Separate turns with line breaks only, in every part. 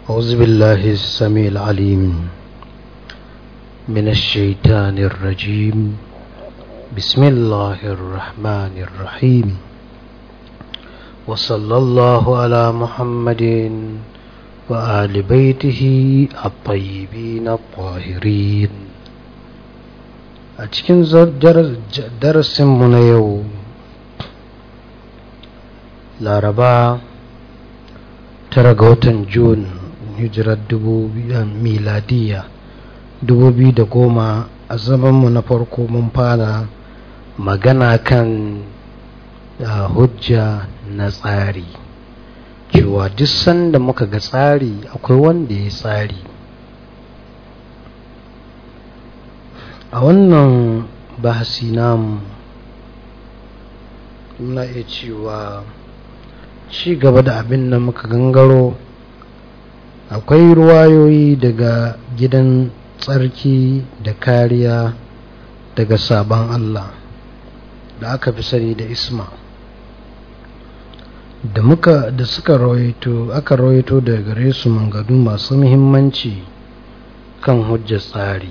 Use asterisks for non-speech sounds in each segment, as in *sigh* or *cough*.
أعوذ بالله السميع العليم من الشيطان الرجيم بسم الله الرحمن الرحيم وصلى الله على محمد وآل بيته الطيبين الطاهرين أتكن درس من يوم لاربا ترغوتن جون hijirar eh, miladiya goma a zamanmu na farko mun fara magana kan eh, hujja na tsari cewa duk sanda muka ga tsari akwai wanda ya tsari a wannan bahasi namu muna iya cewa ci gaba da abin da muka gangaro akwai ruwayoyi daga gidan tsarki da kariya daga sabon Allah da aka fi sani da isma da muka da suka rawaito aka rawaito da gare su mangadu masu muhimmanci kan hujja tsari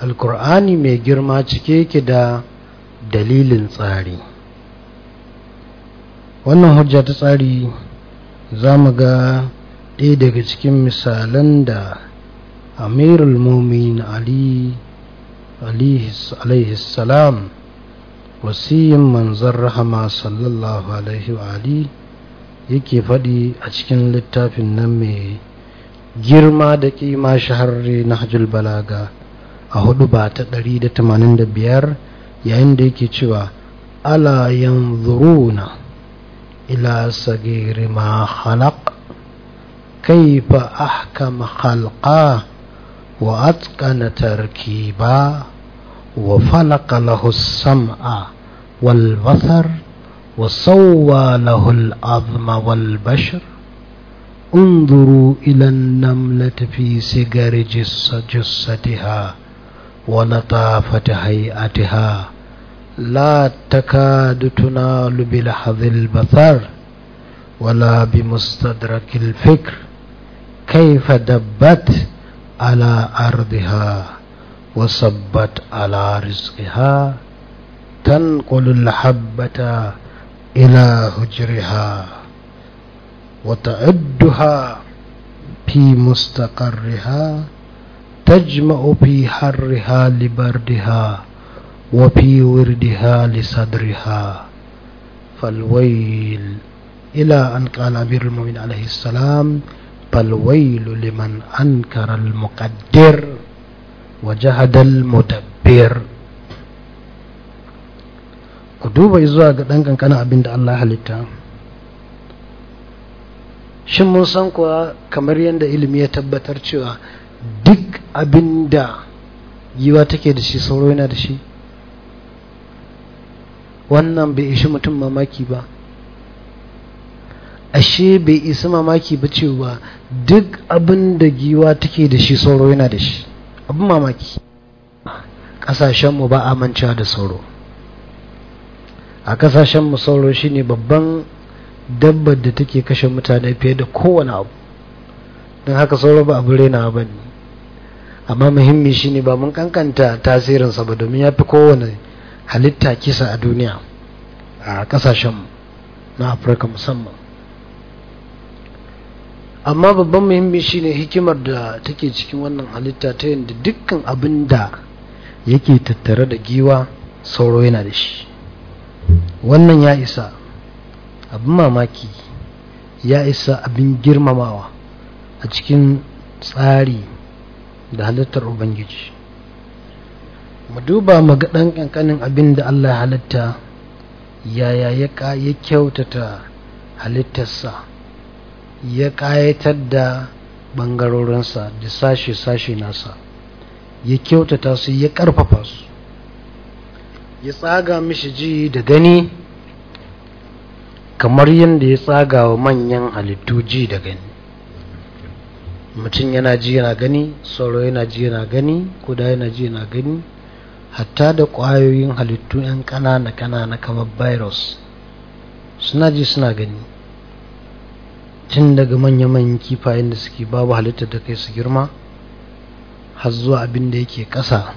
alkur'ani mai girma cike yake da dalilin tsari wannan hujja ta tsari za mu ga ɗaya daga cikin misalan da amirul mumin ali alaihi salam wasiyin manzan rahama sallallahu alaihi wa ali yake faɗi a cikin littafin nan mai girma da ƙima shahararre na hajjul balaga a hudu ba ta ɗari biyar yayin da yake cewa ala yanzuruna ila sagiri ma halak كيف أحكم خلقاه وأتقن تركيبا وفلق له السمع والبصر وصوى له العظم والبشر انظروا إلى النملة في سجر جس جستها ولطافة هيئتها لا تكاد تنال بلحظ البصر ولا بمستدرك الفكر كيف دبت على أرضها وصبت على رزقها تنقل الحبة إلى هجرها وتعدها في مستقرها تجمع في حرها لبردها وفي وردها لصدرها فالويل إلى أن قال أمير المؤمنين عليه السلام falwailu liman ankara al-muqaddir wa jahada al-mudabbir ku duba zuwa ga ɗan kankanin abinda Allah halitta shin mun san kuwa kamar yadda ilimi ya tabbatar cewa duk abinda da yiwa take da shi sauro yana da shi wannan bai ishi mutum mamaki ba ashe bai isa mamaki ba cewa duk abin da giwa take da shi sauro yana da shi abin mamaki ƙasashenmu ba a mancewa da sauro a ƙasashenmu sauro ne babban dabbar da take kashe mutane fiye da kowane abu don haka sauro ba abu rena ba ne amma muhimmi shi ne ba mun kankanta tasirinsa ba domin ya fi kowane halitta kisa a duniya a ƙasashenmu na afirka musamman amma babban muhimmi shine hikimar da take cikin wannan halitta ta yadda dukkan abin da yake tattare da giwa sauro yana da shi wannan ya isa abin mamaki ya isa abin girmamawa a cikin tsari da halittar ubangiji mu duba mu ga ɗan ƙanƙanin abin da allah halitta yaya ya kyautata halittarsa ya ƙayatar da ɓangarorinsa da sashe-sashe nasa ya kyautata su ya ƙarfafa su ya tsaga mishi ji da gani kamar yadda ya tsaga wa manyan halittu ji da gani mutum yana ji yana gani sauro yana ji yana gani kuda yana ji yana gani hatta da ƙwayoyin halittu 'yan ƙanana-ƙanana kamar virus suna ji suna gani tun daga manya-manyan kifayen da suke babu halittar da kai su girma har zuwa abin da yake ƙasa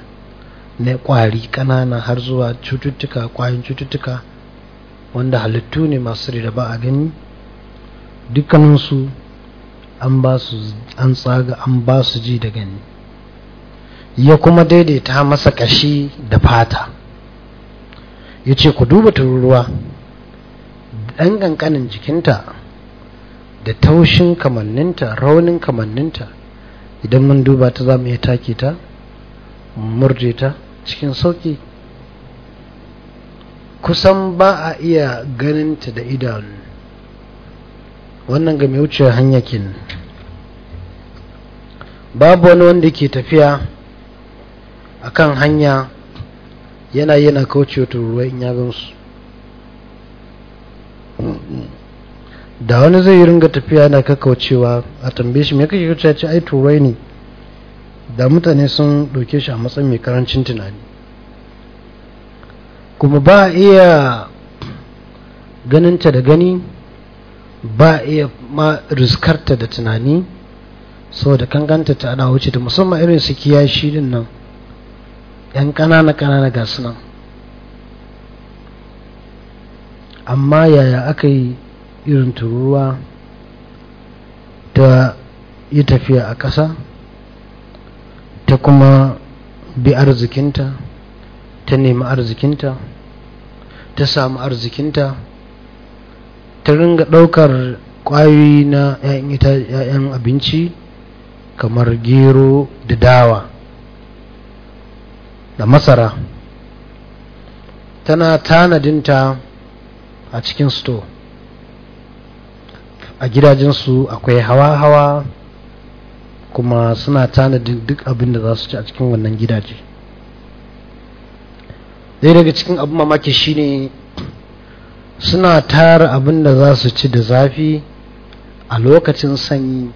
na ƙwari ƙanana har zuwa cututtuka ƙwayin cututtuka wanda halittu ne masu da ba a gani dukkaninsu an ba su an tsaga an ba su ji da gani ya kuma daidaita masa ƙashi da fata ya ce ku duba tururuwa ɗan ƙanƙanin jikinta da taushin kamanninta raunin kamanninta idan mun duba ta za mu iya take ta murje ta cikin sauki kusan ba a iya ganinta da idanu wannan game mai wuce hanyakin babu wani wanda ke tafiya a kan hanya yana yana kaucewa turuwa in ya gamsu da wani zai yi ringa tafiya na kakaucewa a tambaye shi me kake kauce ce ai turai ne da mutane sun ɗauke shi a matsayin mai karancin tunani kuma ba iya ganinta da gani ba iya ma riskarta da tunani saboda kanganta ta ana wuce ta musamman irin su shi din nan yan ƙanana ƙanana ga nan amma yaya aka yi irin turuwa ta yi tafiya a ƙasa ta kuma bi arzikinta ta nemi arzikinta ta samu arzikinta ta ringa ɗaukar ƙwayoyi na 'ya'yan abinci kamar gero da dawa da masara tana tanadinta a cikin store a gidajensu akwai hawa-hawa kuma suna tanadin duk abin da za su ci a cikin wannan gidaje ɗaya daga cikin abin mamaki shine suna tara abin da za su ci da zafi a lokacin sanyi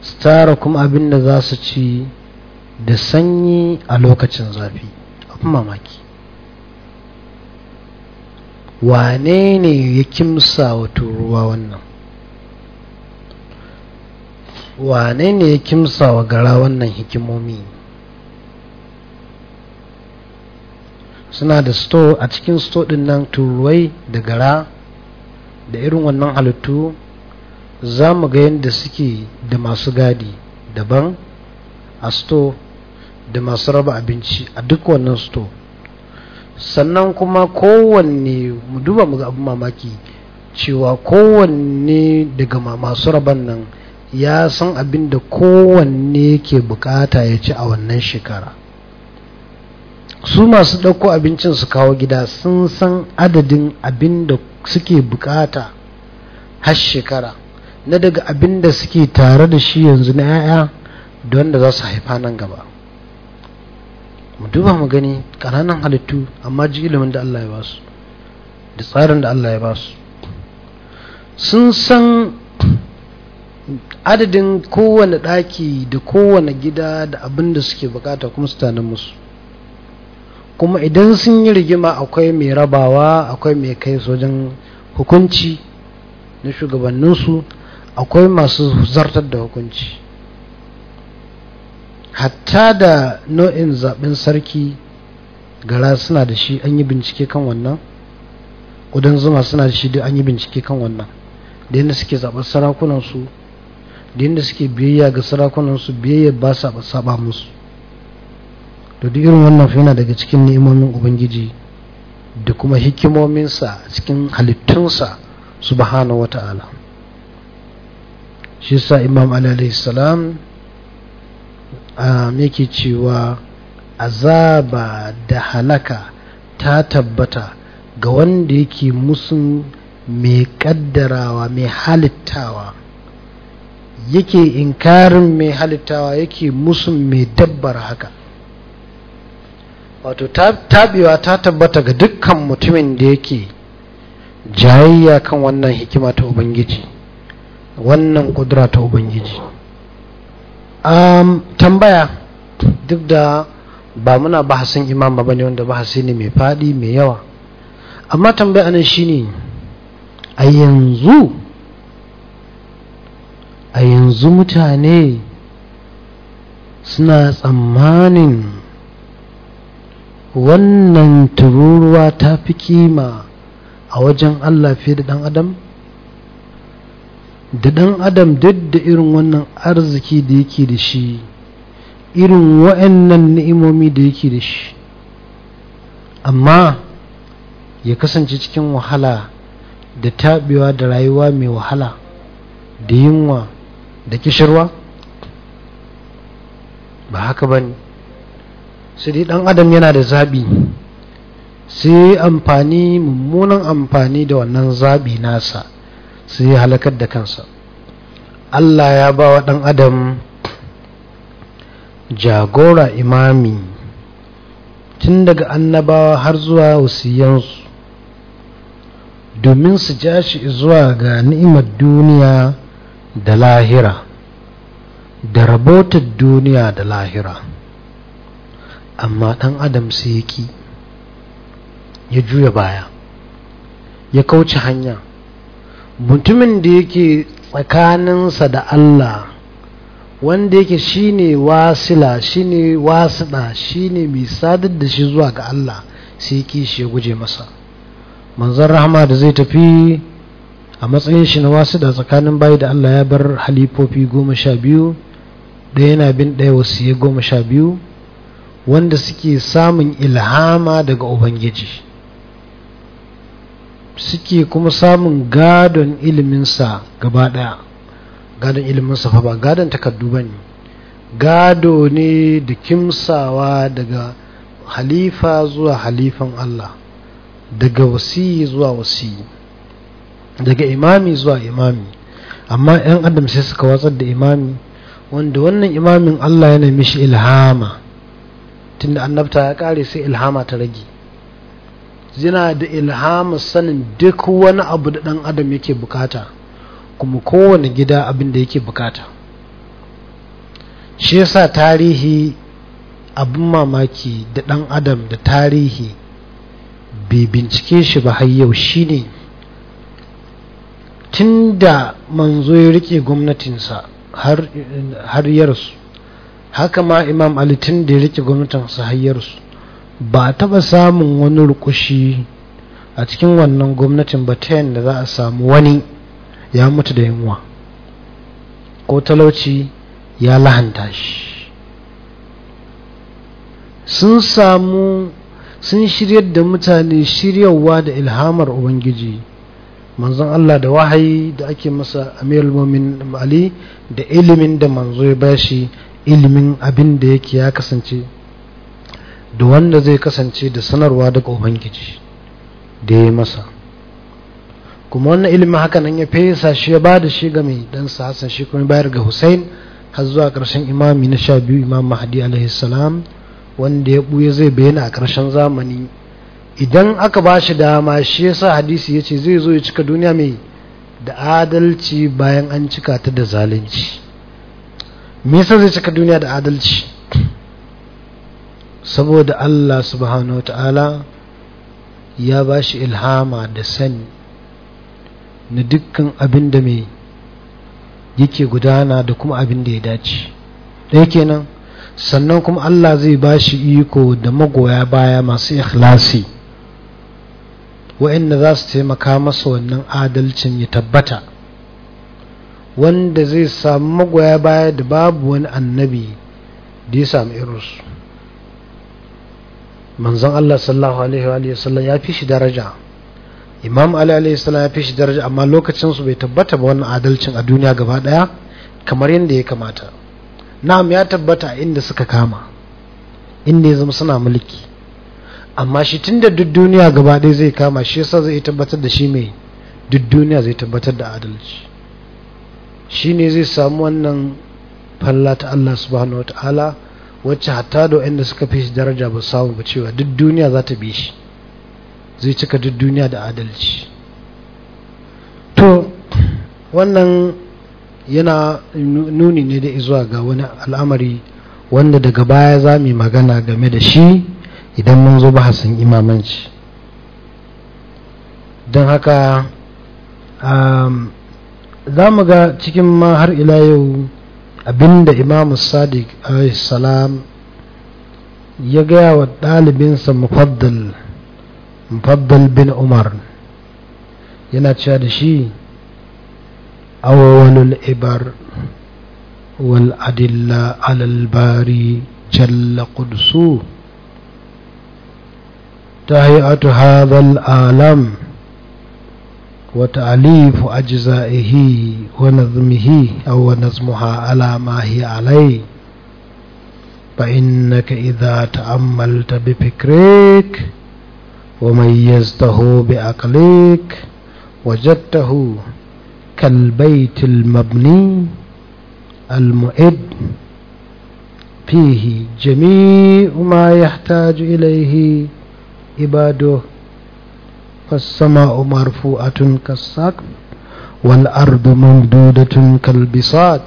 su tara kuma abin da za su ci da sanyi a lokacin zafi abin mamaki wane ne ya kimsa wato ruwa wannan wane ne ya kimsa wa gara wannan hikimomi suna da sto a cikin sto din nan turuwai da gara da irin wannan halittu za mu ga yadda suke da masu gadi daban a sto da masu raba abinci a duk wannan sto sannan kuma kowanne mu duba mu ga abin mamaki cewa kowanne daga masu raban nan ya san abin da kowanne ke bukata ya ci a wannan shekara su masu ɗauko abincin su kawo gida sun san adadin abin da suke bukata har shekara na daga abin da suke tare da shi yanzu na 'ya'ya da wanda za su haifa nan gaba mu duba mu gani ƙananan halittu amma ji ilimin da Allah ya ba da tsarin da Allah ya basu sun san adadin kowane ɗaki da kowane gida da abin da suke bukata kuma su tanan musu kuma idan sun yi rigima akwai mai rabawa akwai mai kai wajen hukunci na shugabanninsu akwai masu zartar da hukunci hatta da nau'in zaben sarki gara suna da shi an yi bincike kan wannan ƙudan zuma suna da shi duk an yi bincike kan wannan da yana suke zaɓar sarakunansu da suke biyayya ga sarakunansu biyayya ba sa saba musu to duk irin wannan yana daga cikin ni'imomin ubangiji da kuma hikimominsa cikin halittunsa subhanahu wata'ala shi sa imam alayhi salam um, yake cewa azaba da halaka ta tabbata ga wanda yake musu mai kaddarawa mai halittawa yake inkarin mai halittawa yake musu mai dabbar haka wato tabewa ta tabbata ga dukkan mutumin da yake jayayya kan wannan hikima ta ubangiji wannan kudura ta ubangiji um, tambaya duk da ba muna bahasin imam ba ne wanda bahasi ne mai faɗi mai yawa amma tambaya nan shine a yanzu a yanzu mutane suna tsammanin wannan tururuwa ta fi kima a wajen Allah fiye da ɗan adam da ɗan adam duk da irin wannan arziki da yake da shi irin wa'annan ni'imomi da yake da shi amma ya kasance cikin wahala da taɓewa da rayuwa mai wahala da yunwa da kishirwa ba haka ba ne sai dai ɗan adam yana da zaɓi sai amfani mummunan amfani da wannan zaɓi nasa sai yi halakar da kansa Allah ya ba wa ɗan adam jagora imami tun daga annabawa har zuwa wasiyansu domin su ja shi zuwa ga ni'imar duniya da lahira da rabotar duniya da lahira amma ɗan adam sai ya ki ya juya baya ya kauce hanya mutumin da yake tsakaninsa da Allah wanda yake shine wasila shine wasuɗa shine mai sadar da shi zuwa ga Allah sai shi ya guje masa manzon rahama da zai tafi a matsayin shi na wasu da tsakanin bayi da Allah ya bar halifofi goma sha biyu da yana bin ɗaya wasiye goma sha biyu wanda suke samun ilhama daga Ubangiji suke kuma samun gadon iliminsa gaba ɗaya gadon iliminsa fa ba gadon takardu ba ne gado ne da kimsawa daga halifa zuwa halifan Allah daga wasi zuwa wasi daga imami zuwa imami amma 'yan adam sai suka watsar da imami wanda wannan imamin Allah yana mishi ilhama tunda annabta ya kare sai ilhama ta rage yana da ilhama sanin duk wani abu da ɗan adam yake bukata kuma kowane gida abin da yake bukata shi yasa tarihi abin mamaki da ɗan adam da tarihi bai bincike shi ba har yau shine ne tun manzo ya rike gwamnatinsa har yarsu haka ma imam ali tun ya riƙe gwamnatinsa har yarsu ba taba samun wani rukushi a cikin wannan gwamnatin ba ta yadda za a samu wani ya mutu da yunwa ko talauci ya lahanta shi sun samu sun shiryar da mutane shiryarwa da ilhamar ubangiji manzon Allah da wahayi da ake masa amirul mumin ali da ilimin da manzo ya bashi ilimin abin da yake ya kasance da wanda zai kasance da sanarwa daga ubangiji da ya masa kuma wannan ilimin haka nan ya fesa shi ya bada shi ga mai sa hassan shi kuma bayar ga hussain har zuwa karshen imami na sha biyu imam mahdi alaihi salam wanda ya buye zai bayyana a karshen zamani idan aka ba shi dama shi yasa hadisi ya ce zai zo ya cika duniya mai da adalci bayan an cika ta da zalunci me yasa zai cika duniya da adalci saboda Allah subhanahu wa ta'ala ya ba shi ilhama da sani na dukkan abin da mai yake gudana da kuma abin da ya dace ɗaya kenan sannan kuma Allah zai ba shi iko da magoya baya masu ikhlasi wa'inda za su taimaka masa wannan adalcin ya tabbata wanda zai samu magoya baya da babu wani annabi da ya samu irinsu manzon Allah sallallahu alaihi wa sallam ya fi shi daraja imam Ali alaihi sallam ya fi shi daraja amma lokacinsu bai tabbata ba wannan adalcin a duniya gaba daya kamar yadda ya kamata na'am ya tabbata inda suka kama inda ya zama suna mulki amma shi tun da duk duniya gaba ɗaya zai kama shi yasa zai tabbatar da shi mai duk duniya zai tabbatar da adalci shi ne zai samu wannan falla ta Allah subhanahu wa ta'ala wacce hatta da waɗanda suka fi shi daraja ba samu ba cewa duk duniya za ta bi shi zai cika duk duniya da adalci to wannan yana nuni ne da zuwa ga wani al'amari wanda daga baya za mu yi magana game da shi idan mun zo bahasin imamanci don haka um, za mu ga cikin ma har ila yau abinda imamu sadiq salam ya gaya wa ɗalibinsa mufaddal mufaddal bin umar yana cewa da shi wani ibar wal adilla alal bari jalla kudusu تهيئة هذا العالم وتأليف أجزائه ونظمه أو نظمها على ما هي عليه فإنك إذا تأملت بفكرك وميزته بعقلك وجدته كالبيت المبني المؤد فيه جميع ما يحتاج إليه عباده فالسماء مرفوعة كالسقف والأرض ممدودة كالبساط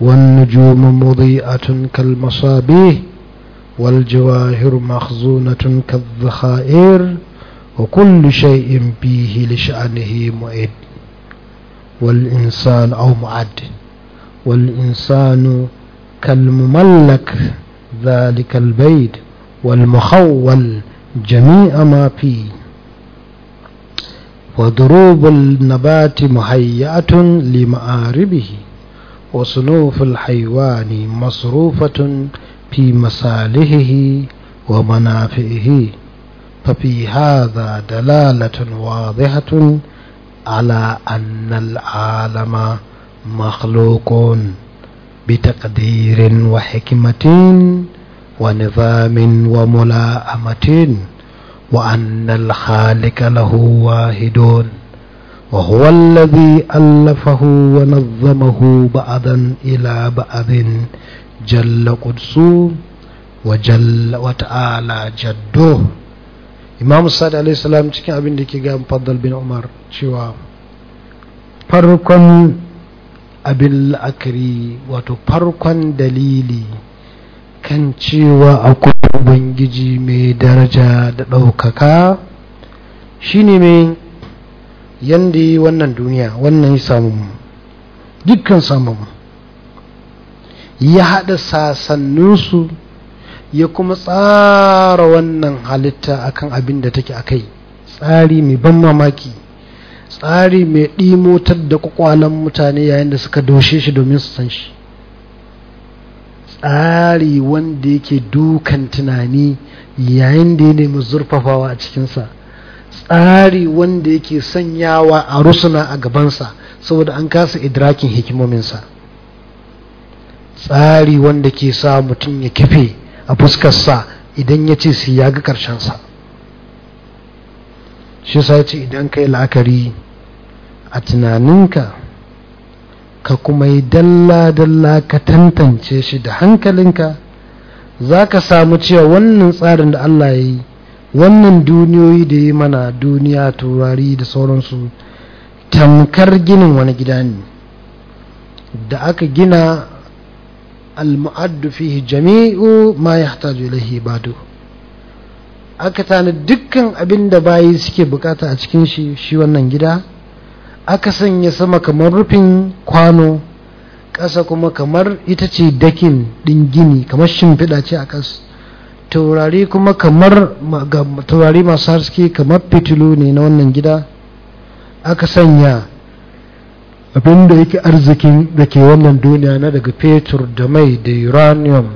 والنجوم مضيئة كالمصابيح والجواهر مخزونة كالذخائر وكل شيء فيه لشأنه معد والإنسان أو معد والإنسان كالمملك ذلك البيت والمخول جميع ما فيه ودروب النبات مهيئة لمآربه وصنوف الحيوان مصروفة في مصالحه ومنافئه ففي هذا دلالة واضحة على أن العالم مخلوق بتقدير وحكمة ونظام وملاءمة وأن الخالق له واحد وهو الذي ألفه ونظمه بعضا إلى بعض جل قدس وجل وتعالى جده إمام الصلاة عليه السلام تكي أبن لكي فضل بن عمر شوا فرقا أبن الأكري وتفرقا دليلي kan cewa akwai ubangiji mai daraja da ɗaukaka shine mai yadda yi wannan duniya wannan ya samun dukkan samun ya haɗa sasanninsu ya kuma tsara wannan halitta akan abin da take akai tsari mai ban mamaki tsari mai ɗimotar da kwakwalen mutane yayin da suka doshe shi domin su san shi tsari wanda yake dukan tunani yayin da ya nemi zurfafawa a cikinsa tsari wanda yake sanyawa a rusuna a gabansa saboda an kasa idrakin hikimominsa tsari wanda ke sa mutum ya kife a fuskarsa idan ya ce su ya ga sa shi sa ce idan yi la'akari a tunaninka ka kuma yi dalla-dalla ka tantance shi da hankalinka za ka samu cewa wannan tsarin da Allah ya yi wannan duniyoyi da yi mana duniya turari da sauransu tamkar ginin wani gida ne da aka gina al-mu'addu fihi jami'u ma yahtaju ilayhi badu aka tana dukkan abin da bayi suke bukata a cikin shi shi wannan gida aka sanya sama kamar rufin kwano ƙasa kuma kamar ita ce dakin ɗin gini kamar shimfiɗa ce a ƙasa taurari kuma kamar taurari masu haske kamar fitilu ne na wannan gida aka sanya abinda da yake arzikin da ke wannan duniya na daga fetur da mai da uranium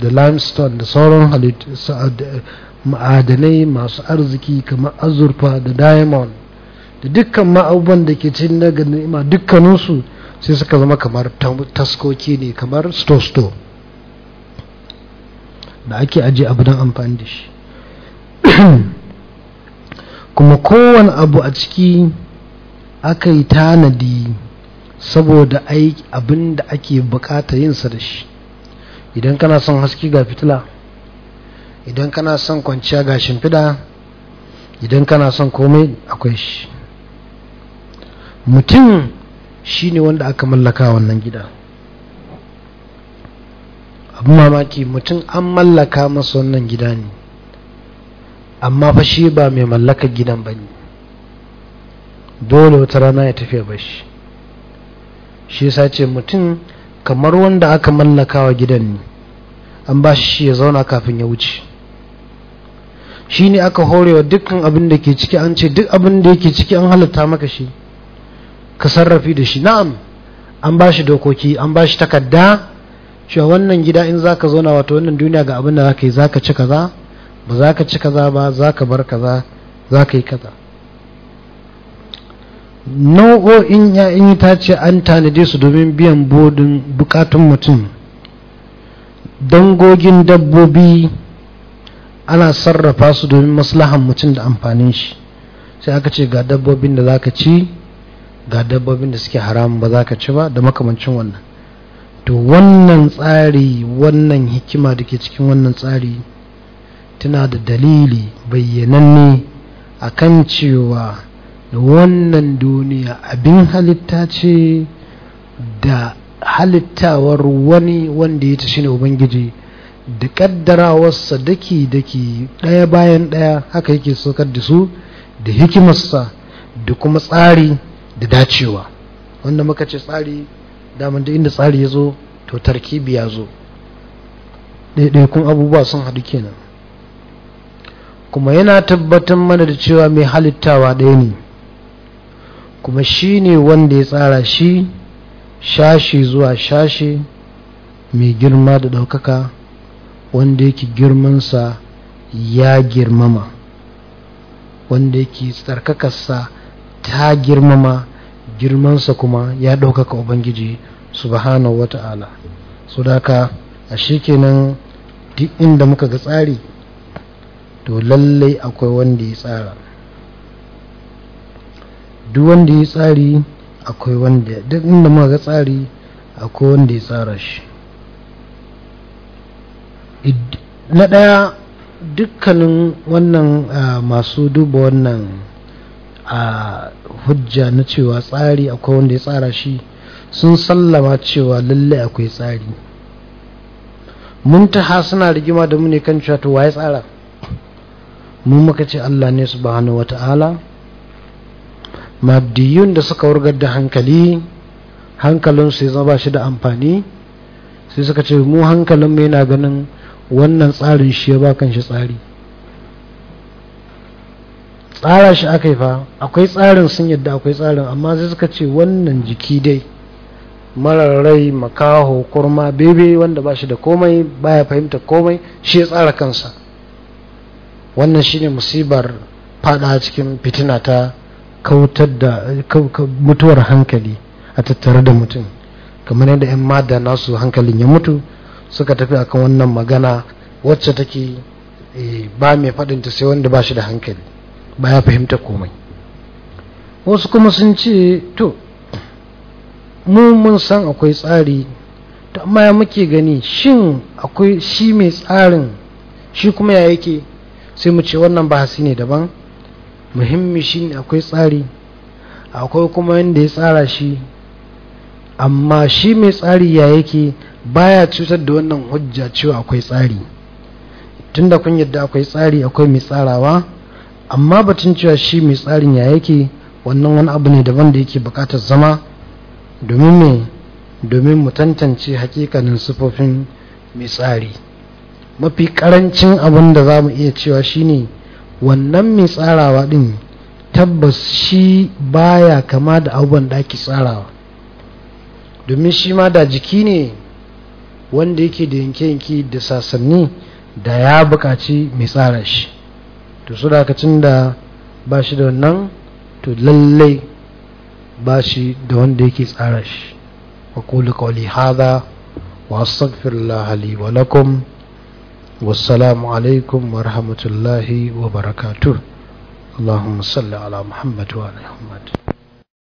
da limestone da sauran halittu ma'adanai masu arziki kamar azurfa da diamond da dukkan ma'abban da ke cikin na ni'ima dukkaninsu sai suka zama kamar taskoki ne kamar sto-sto da ake ajiye abu don amfani da shi *clears throat* kuma kowane abu a ciki aka yi tanadi saboda abin da ake bukata yinsa da shi idan kana son haske ga fitila idan kana son kwanciya ga shimfida idan kana son komai akwai shi mutum shi ne wanda aka mallaka wannan gida abu mamaki mutum an mallaka masa wannan gida ne amma fa shi ba mai mallaka gidan ba ne dole wata rana ya tafiya ba shi shi yasa ce mutum kamar wanda aka mallaka wa gidan ne an ba shi ya zauna kafin ya wuce shi ne aka horewa dukkan abin da ke ciki an ce duk abin da yake ciki an halatta maka shi ka sarrafi da shi na'am an ba shi dokoki an ba shi takarda cewa wannan gida in zaka zo na wato wannan duniya ga abin da zaka yi zaka ci kaza ba zaka ci kaza ba zaka bar kaza zaka yi kaza nau'o'in ya'yan ce an tanade su domin biyan bodin bukatun mutum dangogin dabbobi ana sarrafa su domin maslahan mutum da amfanin shi sai aka ce ga dabbobin da za ka ci ga dabbobin da suke haramun ba za ka ci ba da makamancin wannan to wannan tsari wannan hikima da ke cikin wannan tsari tana da dalili bayyananne a kan cewa da wannan duniya abin halitta ce da halittawar wani wanda ya ta shi ne ubangiji da kaddarawarsa daki-daki ɗaya bayan ɗaya haka yake sokar da su da hikimarsa da kuma tsari da dacewa wanda muka ce tsari daman da inda tsari ya zo to tarkibi ya zo kun abubuwa sun haɗu kenan kuma yana tabbatar mana da cewa mai halittawa ɗaya ne kuma shi ne wanda ya tsara shi shashi zuwa shashi mai girma da ɗaukaka wanda yake girmansa ya girmama wanda yake tsarkakarsa ta girmama girmansa kuma ya ɗaukaka ubangiji subhanahu wa ta'ala su daka a kenan duk inda muka ga tsari to lallai akwai wanda ya tsara duk wanda ya tsari akwai wanda duk inda muka ga tsari akwai wanda ya tsara shi na ɗaya dukkanin wannan ah, masu duba wannan a hujja na cewa tsari akwai wanda ya tsara shi sun sallama cewa lallai akwai tsari muntaha suna rigima da mu kan cewa to waye tsara mu muka ce Allah ne subhanahu wata'ala mabdiyun da suka wurgar da hankali hankalin su ya ba shi da amfani sai suka ce mu hankalin mu yana ganin wannan tsarin shi ya ba kan shi tsari tsara shi aka yi fa akwai tsarin sun yadda akwai tsarin amma zai suka ce wannan jiki dai marar rai makaho kurma bebe wanda ba shi da komai baya fahimta komai shi ya tsara kansa wannan shine musibar fada cikin fitina ta kautar da mutuwar hankali a tattare da mutum kamar yadda 'yan mada nasu hankalin ya mutu suka tafi akan wannan magana wacce take eh, ba mai faɗinta sai wanda ba shi da hankali Ba ya fahimta komai wasu kuma sun ce to mu mun san akwai tsari ta amma ya muke gani shin akwai shi mai tsarin shi kuma ya yake sai mu ce wannan bahasi ne daban muhimmi shi ne akwai tsari akwai kuma yadda ya tsara shi amma shi mai tsari ya yake baya cutar da wannan hujja cewa akwai tsari tunda kun yadda akwai tsari akwai mai tsarawa amma batun cewa shi mai tsarin ya yake wannan wani abu ne daban da yake bukatar zama domin mai domin mu tantance hakikanin sufofin mai tsari mafi karancin abin da za mu iya cewa shine wannan mai tsarawa din tabbas shi baya kama da abubuwan da ake tsarawa domin shi ma da jiki ne wanda yake da yanke-yanke da sasanni da ya bukaci mai tsara shi to su da da ba shi da wannan to lallai ba shi da wanda yake tsara shi wa kuli kawali hada wa astaghfirullah li wa lakum alaikum wa rahmatullahi wa barakatuh اللهم صل على محمد وعلى محمد